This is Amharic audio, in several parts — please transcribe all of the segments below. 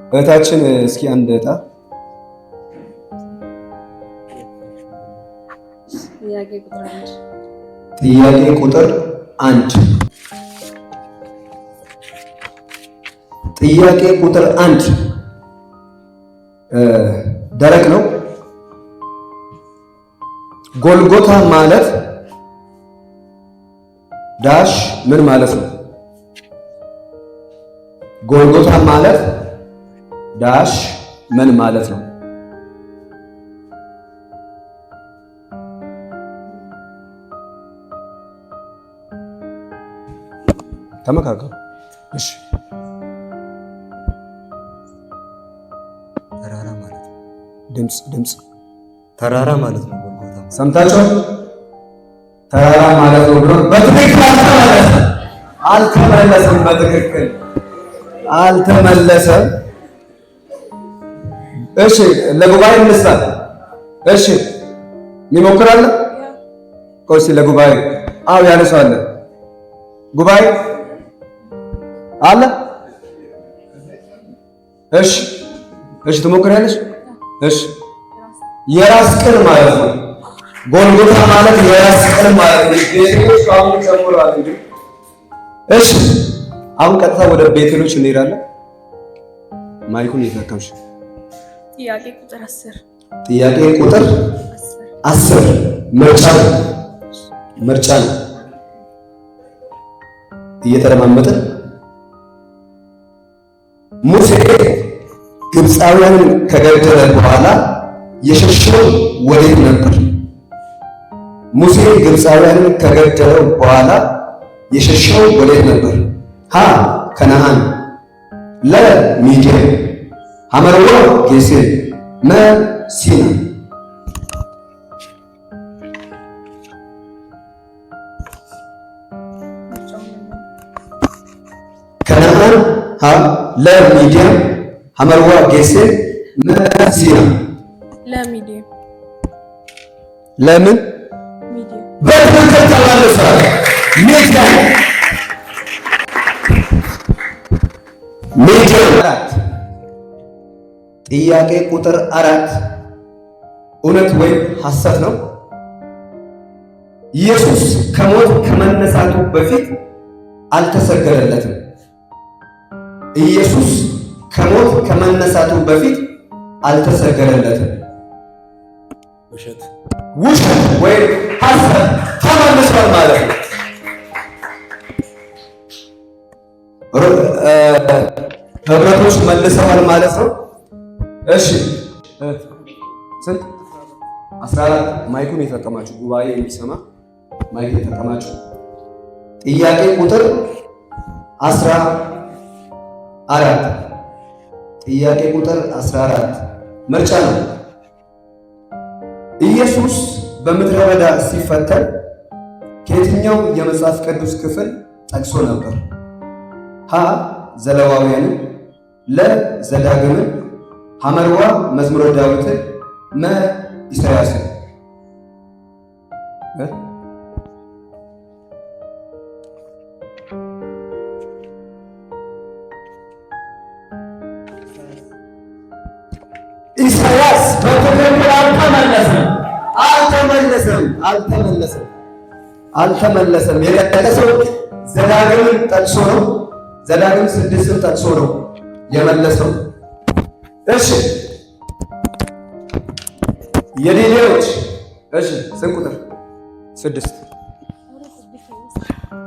እህታችን እስኪ አንድ እጣ ጥያቄ ቁጥር አንድ ጥያቄ ቁጥር አንድ ደረቅ ነው። ጎልጎታ ማለት ዳሽ ምን ማለት ነው? ጎልጎታ ማለት ዳሽ ምን ማለት ነው? ተመካከሩ። እሺ ተራራ ማለት ነው። ድምጽ ድምጽ ተራራ ማለት ነው። ሰምታችሁ ተራራ ማለት ነው ብሎ በትክክል አልተመለሰም። በትክክል አልተመለሰም። እሺ ለጉባኤ እንስጣለን። እሺ ይሞክራል። ቆይ ለጉባኤ አው ያነሳለ ጉባኤ አለ። እሺ እሺ ትሞክሪያለሽ። እሺ የራስ ቅል ማለት ነው። ጎልጎታ ማለት የራስ ቅል ማለት ነው። ቤተኞች አሁን ጨምሯል እሺ አሁን ቀጥታ ወደ ቤተኞች እንሄዳለን። ማይኩን እየተጠቀምሽ ጥያቄ ቁጥር አስር ጥያቄ ቁጥር አስር ምርጫ ነው ምርጫ ነው። እየተለማመጥን ሙሴ ግብፃውያንን ከገደለ በኋላ የሸሸው ወዴት ነበር? ሙሴ ግብፃውያንን ከገደለ በኋላ የሸሸው ወዴት ነበር? ሀ ከነአን፣ ለ ሚዲያ አመርዎ ጌሴን መሲና ከነአን ለሚዲያም አመርዋ ጌሴን መሲና ለሚዲያም ለምን በትክክል ተባለፈ። ሚዲያ ሚዲያ ጥያቄ ቁጥር አራት እውነት ወይም ሐሰት ነው። ኢየሱስ ከሞት ከመነሳቱ በፊት አልተሰገደለትም። ኢየሱስ ከሞት ከመነሳቱ በፊት አልተሰገደለትም። ውሸት ውሸት ወይም ሐሰት ተመልሷል ማለት ነው። ህብረቶች መልሰዋል ማለት ነው። እሺ ስንት አስራ አራት ማይኩን የተጠቀማችሁ ጉባኤ የሚሰማ ማይክ የተጠቀማችሁ ጥያቄ ቁጥር አስራ አራት ጥያቄ ቁጥር አስራ አራት ምርጫ ነው። ኢየሱስ በምድረ በዳ ሲፈተን ከየትኛው የመጽሐፍ ቅዱስ ክፍል ጠቅሶ ነበር? ሀ ዘሌዋውያንን፣ ለ ዘዳግምን ሐመርዋ መዝሙረ ዳዊት መ ኢሳያስ ኢሳያስ በትክክል አልተመለሰም፣ አልተመለሰም፣ አልተመለሰም፣ አልተመለሰም። የቀጠቀሰው ዘዳግምን ጠቅሶ ነው። ዘዳግም ስድስትን ጠቅሶ ነው የመለሰው። እሺ የኔሌዎች እሺ ስንት ቁጥር ስድስት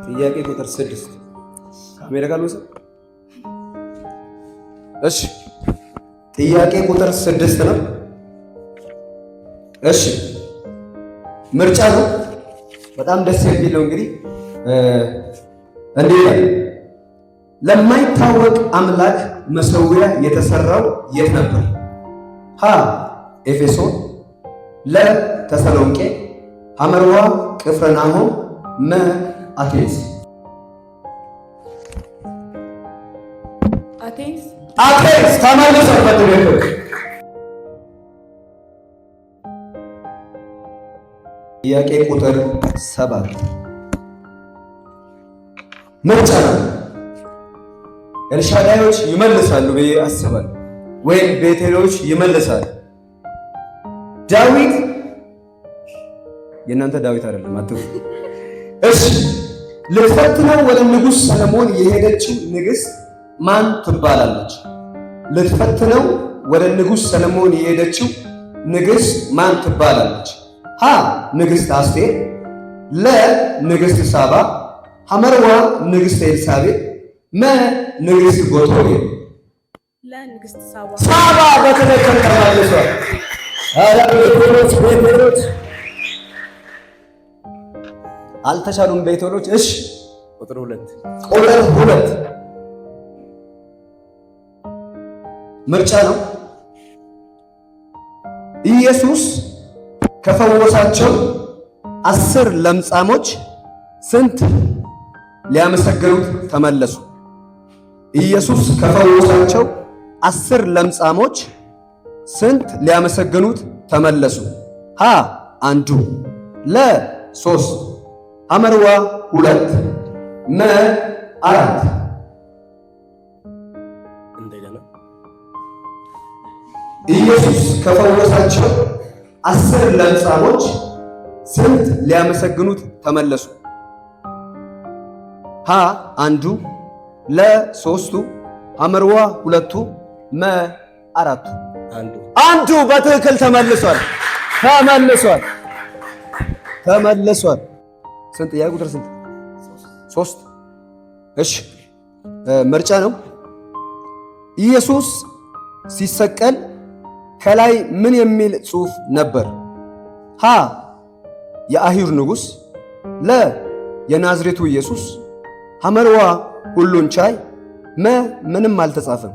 ጥያቄ ቁጥር ስድስት ካሜራ ጋር ልውሰድ። እሺ ጥያቄ ቁጥር ስድስት ነው። እሺ ምርጫ ነው። በጣም ደስ የሚለው እንግዲህ እንዴ ለማይታወቅ አምላክ መሰዊያ የተሰራው የት ነበር? ሀ ኤፌሶን፣ ለ ተሰሎንቄ፣ ሐመርዋ ቅፍርናሆም፣ መ አቴንስ። አቴንስ ተመልሰበት ቤቶች ጥያቄ ቁጥር ሰባት ምርጫ ነው። ኤልሻዳዮች ይመልሳሉ ብዬ አስባል ወይም ቤቴሎች ይመልሳል። ዳዊት የእናንተ ዳዊት አይደለም። አት እሺ፣ ልትፈትነው ወደ ንጉሥ ሰለሞን የሄደችው ንግሥት ማን ትባላለች? ልትፈትነው ወደ ንጉሥ ሰለሞን የሄደችው ንግሥት ማን ትባላለች? ሀ ንግሥት አስቴር፣ ለ ንግሥት ሳባ፣ ሐመርዋ ንግሥት ኤልሳቤጥ መ ንግሥት ጎቶሬ ሳባ ሳባ ተመልሷል። ቤቶሎች ቤቶሎች አልተሻሉም። እሺ፣ ቁጥር ሁለት ቁጥር ሁለት ምርጫ ነው። ኢየሱስ ከፈወሳቸው አስር ለምጻሞች ስንት ሊያመሰግኑት ተመለሱ? ኢየሱስ ከፈወሳቸው አስር ለምጻሞች ስንት ሊያመሰግኑት ተመለሱ? ሀ አንዱ፣ ለ ሶስት፣ ሐመርዋ ሁለት፣ መ አራት። ኢየሱስ ከፈወሳቸው አስር ለምጻሞች ስንት ሊያመሰግኑት ተመለሱ? ሀ አንዱ ለሶስቱ አመርዋ ሁለቱ መ አራቱ አንዱ በትክክል ተመልሷል ተመልሷል ተመልሷል። ስንት ያ ቁጥር ስንት? ሶስት እሺ፣ ምርጫ ነው። ኢየሱስ ሲሰቀል ከላይ ምን የሚል ጽሑፍ ነበር? ሀ የአይሁድ ንጉሥ፣ ለ የናዝሬቱ ኢየሱስ፣ ሐመርዋ ሁሉን ቻይ መ ምንም አልተጻፈም።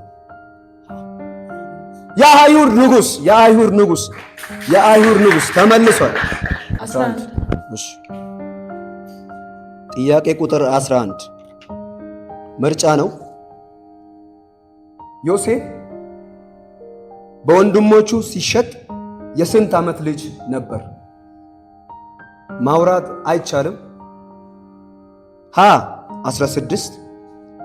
የአይሁድ ንጉስ የአይሁድ ንጉስ የአይሁድ ንጉስ ተመልሷል። ጥያቄ ቁጥር 11 ምርጫ ነው። ዮሴፍ በወንድሞቹ ሲሸጥ የስንት ዓመት ልጅ ነበር? ማውራት አይቻልም። ሀ 16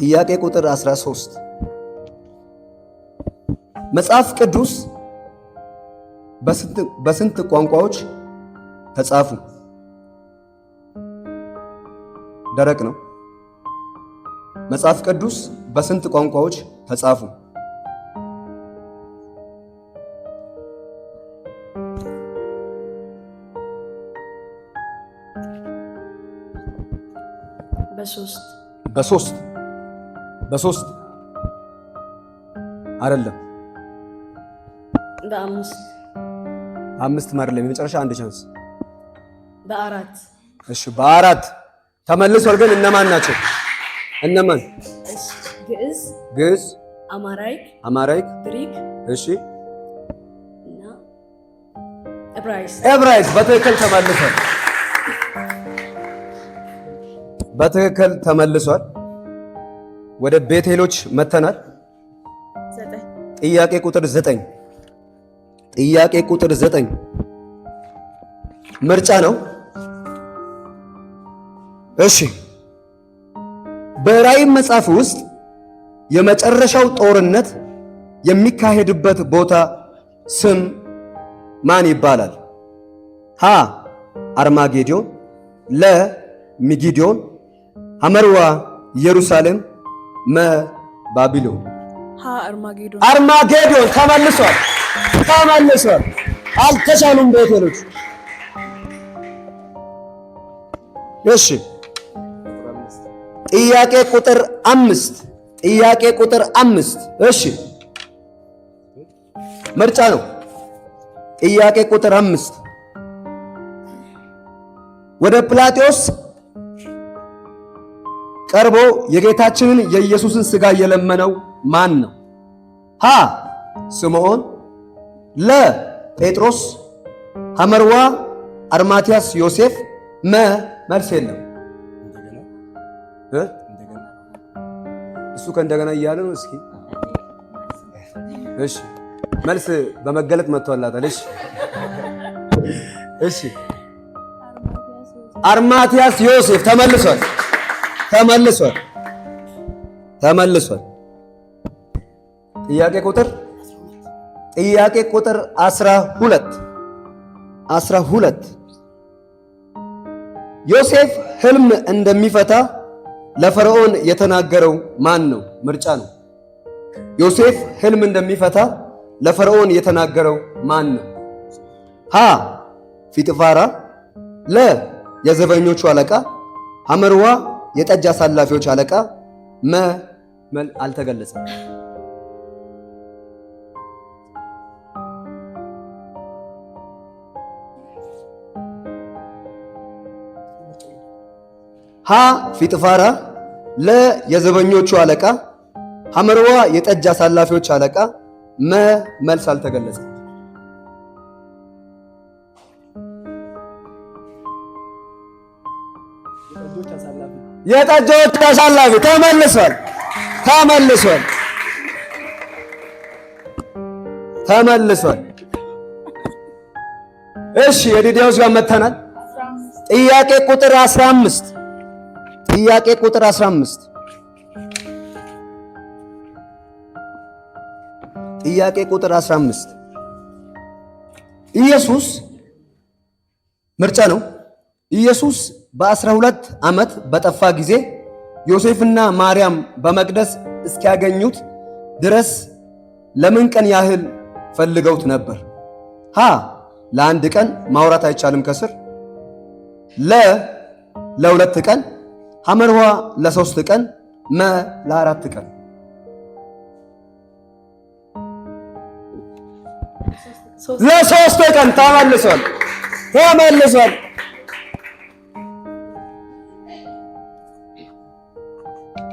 ጥያቄ ቁጥር 13 መጽሐፍ ቅዱስ በስንት ቋንቋዎች ተጻፉ? ደረቅ ነው። መጽሐፍ ቅዱስ በስንት ቋንቋዎች ተጻፉ? በሶስት በሶስት በሶስት አይደለም በአምስት አምስት ማርለም የመጨረሻ አንድ ቻንስ በአራት እሺ፣ በአራት ተመልሷል። ግን እነማን ናቸው? እነማን? ግዕዝ፣ ግዕዝ፣ አማራይክ፣ አማራይክ፣ ግሪክ፣ እሺ፣ እና ኤብራይስ፣ ዕብራይስጥ። በትክክል ተመልሷል። በትክክል ተመልሷል። ወደ ቤቴሎች መተናል። ጥያቄ ቁጥር ዘጠኝ ጥያቄ ቁጥር ዘጠኝ ምርጫ ነው። እሺ በራእይ መጽሐፍ ውስጥ የመጨረሻው ጦርነት የሚካሄድበት ቦታ ስም ማን ይባላል? ሀ አርማጌዲዮን፣ ለ ሚጊዲዮን፣ ሐመርዋ ኢየሩሳሌም መ ባቢሎን አርማጌዶን ተመልሷል፣ ተመልሷል። አልተሻሉም ቤቴሎች። እሺ ጥያቄ ቁጥር አምስት ጥያቄ ቁጥር አምስት እሺ ምርጫ ነው። ጥያቄ ቁጥር አምስት ወደ ጲላጦስ ቀርቦ የጌታችንን የኢየሱስን ሥጋ የለመነው ማን ነው? ሀ ስምዖን፣ ለ ጴጥሮስ፣ ሐመርዋ አርማቲያስ ዮሴፍ። መ መልስ የለም። እሱ ከእንደገና እያለ ነው። እስኪ እሺ፣ መልስ በመገለጥ መጥቷላታል። እሺ፣ እሺ፣ አርማቲያስ ዮሴፍ ተመልሷል። ተመልሷል ተመልሷል። ጥያቄ ቁጥር ጥያቄ ቁጥር አስራ ሁለት አስራ ሁለት ዮሴፍ ህልም እንደሚፈታ ለፈርዖን የተናገረው ማን ነው? ምርጫ ነው። ዮሴፍ ህልም እንደሚፈታ ለፈርዖን የተናገረው ማን ነው? ሀ ፊጥፋራ፣ ለ የዘበኞቹ አለቃ፣ ሐመርዋ የጠጅ አሳላፊዎች አለቃ መል አልተገለጸም። ሀ ፊጥፋራ ለ የዘበኞቹ አለቃ ሐመርዋ የጠጅ አሳላፊዎች አለቃ መ መልስ አልተገለጸም። የጠጃዎች አሳላፊ ተመልሷል፣ ተመልሷል፣ ተመልሷል። እሺ የዲዲያውስ ጋር መተናል። ጥያቄ ቁጥር 15 ጥያቄ ቁጥር 15 ጥያቄ ቁጥር 15 ኢየሱስ ምርጫ ነው። ኢየሱስ በአስራ ሁለት ዓመት በጠፋ ጊዜ ዮሴፍና ማርያም በመቅደስ እስኪያገኙት ድረስ ለምን ቀን ያህል ፈልገውት ነበር? ሀ ለአንድ ቀን ማውራት አይቻልም ከስር ለ ለሁለት ቀን ሐመርዋ ለሶስት ቀን መ ለአራት ቀን ለሶስት ቀን ተመልሷል ተመልሷል።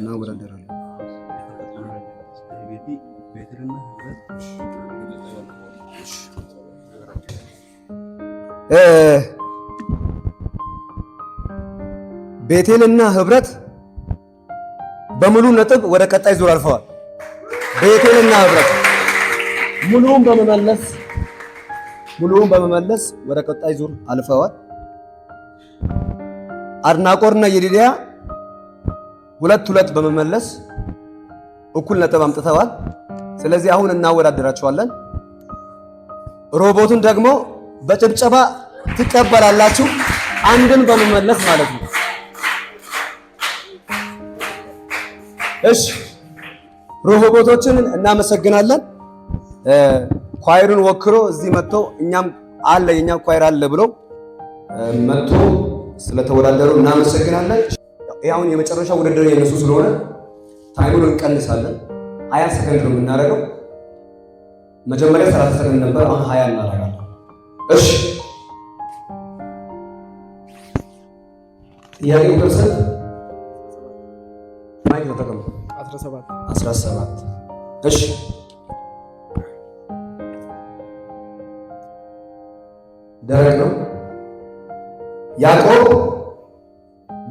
እናወዳደራለን። ቤቴልና ህብረት በሙሉ ነጥብ ወደ ቀጣይ ዙር አልፈዋል። ቤቴልና ህብረት ሙሉውን በመመለስ ሙሉውን በመመለስ ወደ ቀጣይ ዙር አልፈዋል። አድናቆርና የዲዲያ ሁለት ሁለት በመመለስ እኩል ነጥብ አምጥተዋል። ስለዚህ አሁን እናወዳደራችኋለን። ሮቦቱን ደግሞ በጭብጨባ ትቀበላላችሁ፣ አንድን በመመለስ ማለት ነው። እሺ ሮቦቶችን እናመሰግናለን። ኳይሩን ወክሎ እዚህ መጥቶ እኛም አለ የኛ ኳይር አለ ብሎ መጥቶ ስለተወዳደሩ እናመሰግናለን። ይህ አሁን የመጨረሻ ውድድር የነሱ ስለሆነ ታይሙን እንቀንሳለን። ሀያ ሰከንድ ነው የምናደርገው። መጀመሪያ ሰላሳ ሰከንድ ነበር፣ አሁን ሀያ እናደርጋለን። እሺ ጥያቄው ፐርሰንት ማይክ ተጠቀሙ። አስራ ሰባት እሺ ደረቅ ነው ያዕቆብ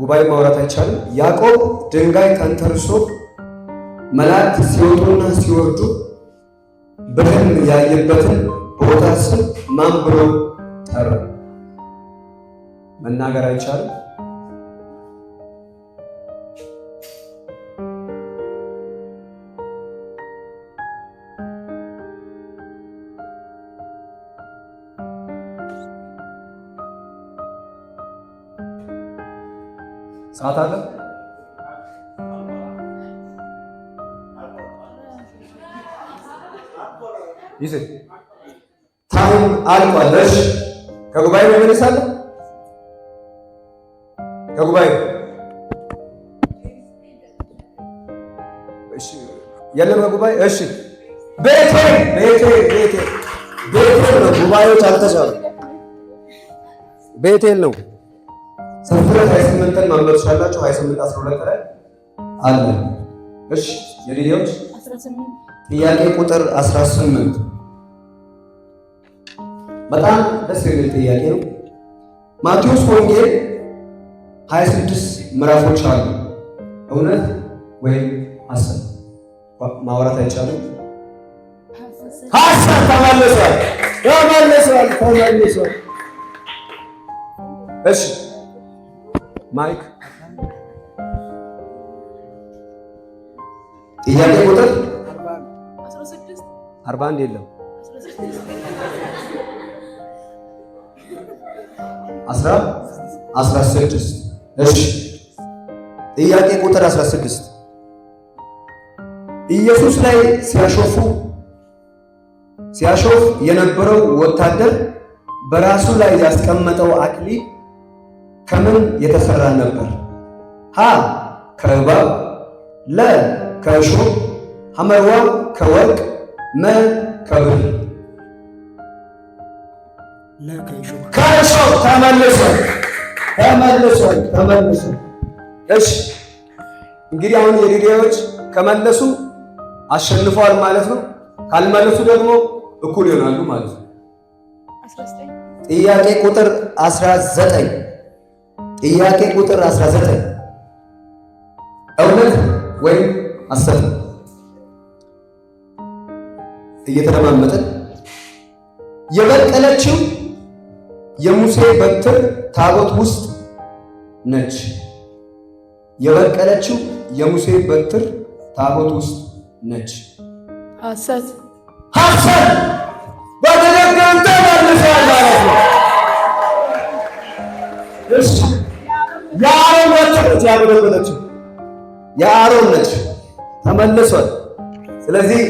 ጉባኤ ማውራት አይቻልም። ያዕቆብ ድንጋይ ተንተርሶ መላእክት ሲወጡና ሲወርዱ በህልም ያየበትን ቦታ ስም ማን ብሎ ጠራ? መናገር አይቻልም። ሰዓት አለ። ይህ ታይም አልቋል። እሺ ከጉባኤ መመለሳለ ከጉባኤ እሺ፣ የለም ከጉባኤ እሺ። ቤቴ ቤቴ ቤቴ ቤቴ ነው። ጉባኤዎች አልተቻሉ ቤቴል ነው። ሰንሰለት 28ን ማንበብ ትችላላችሁ። 28 12 ላይ አለ። እሺ የሪዲዎች ጥያቄ ቁጥር 18 በጣም ደስ የሚል ጥያቄ ነው። ማቴዎስ ወንጌል 26 ምዕራፎች አሉ። እውነት ወይም ሐሰት ማውራት አይቻልም። ሐሰት ተመልሷል፣ ተመልሷል፣ ተመልሷል። እሺ ማይክ ጥያቄ ቁጥር አርባ አንድ የለም አስራ አስራ ስድስት እሺ ጥያቄ ቁጥር አስራ ስድስት ኢየሱስ ላይ ሲያሾፉ ሲያሾፍ የነበረው ወታደር በራሱ ላይ ያስቀመጠው አክሊል ከምን የተሰራ ነበር? ሀ ከእባብ፣ ለ ከእሾህ፣ ሐመርዋ ከወርቅ፣ መ ከብር። ከእሾህ ተመልሶ ተመልሶ ተመልሶ። እሺ እንግዲህ አሁን የድዳዎች ከመለሱ አሸንፈዋል ማለት ነው። ካልመለሱ ደግሞ እኩል ይሆናሉ ማለት ነው። ጥያቄ ቁጥር 19 ጥያቄ ቁጥር 19 እውነት ወይም ሐሰት እየተለማመጥን የበቀለችው የሙሴ በትር ታቦት ውስጥ ነች። የበቀለችው የሙሴ በትር ታቦት ውስጥ ነች። ሐሰት ሐሰት በተደጋጋሚ ተመልሷል ማለት ነው። ነች ያገለገለችው የአሮን ነች። ተመልሷል። ስለዚህ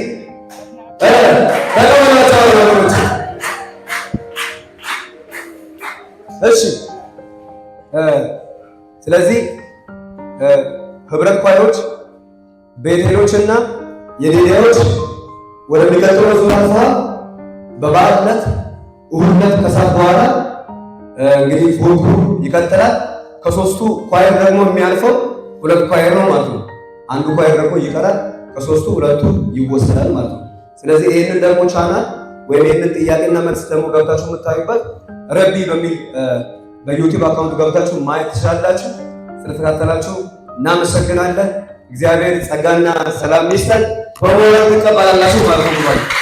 እሺ ስለዚህ ህብረት ኳዮች ቤቴሎችና የዴዴዎች ወደሚቀጥለው ከሰዓት በኋላ እንግዲህ ይቀጥላል። ከሶስቱ ኳየር ደግሞ የሚያልፈው ሁለት ኳየር ነው ማለት ነው። አንዱ ኳየር ደግሞ ይቀራል፣ ከሶስቱ ሁለቱ ይወሰዳል ማለት ነው። ስለዚህ ይህንን ደግሞ ቻናል ወይም ይህንን ጥያቄና መልስ ደግሞ ገብታችሁ የምታዩበት ረቢ በሚል በዩቲዩብ አካውንት ገብታችሁ ማየት ትችላላችሁ። ስለተካተላችሁ እናመሰግናለን። እግዚአብሔር ጸጋና ሰላም ይስጠን። በሞላ ትቀበላላችሁ ማለት ነው።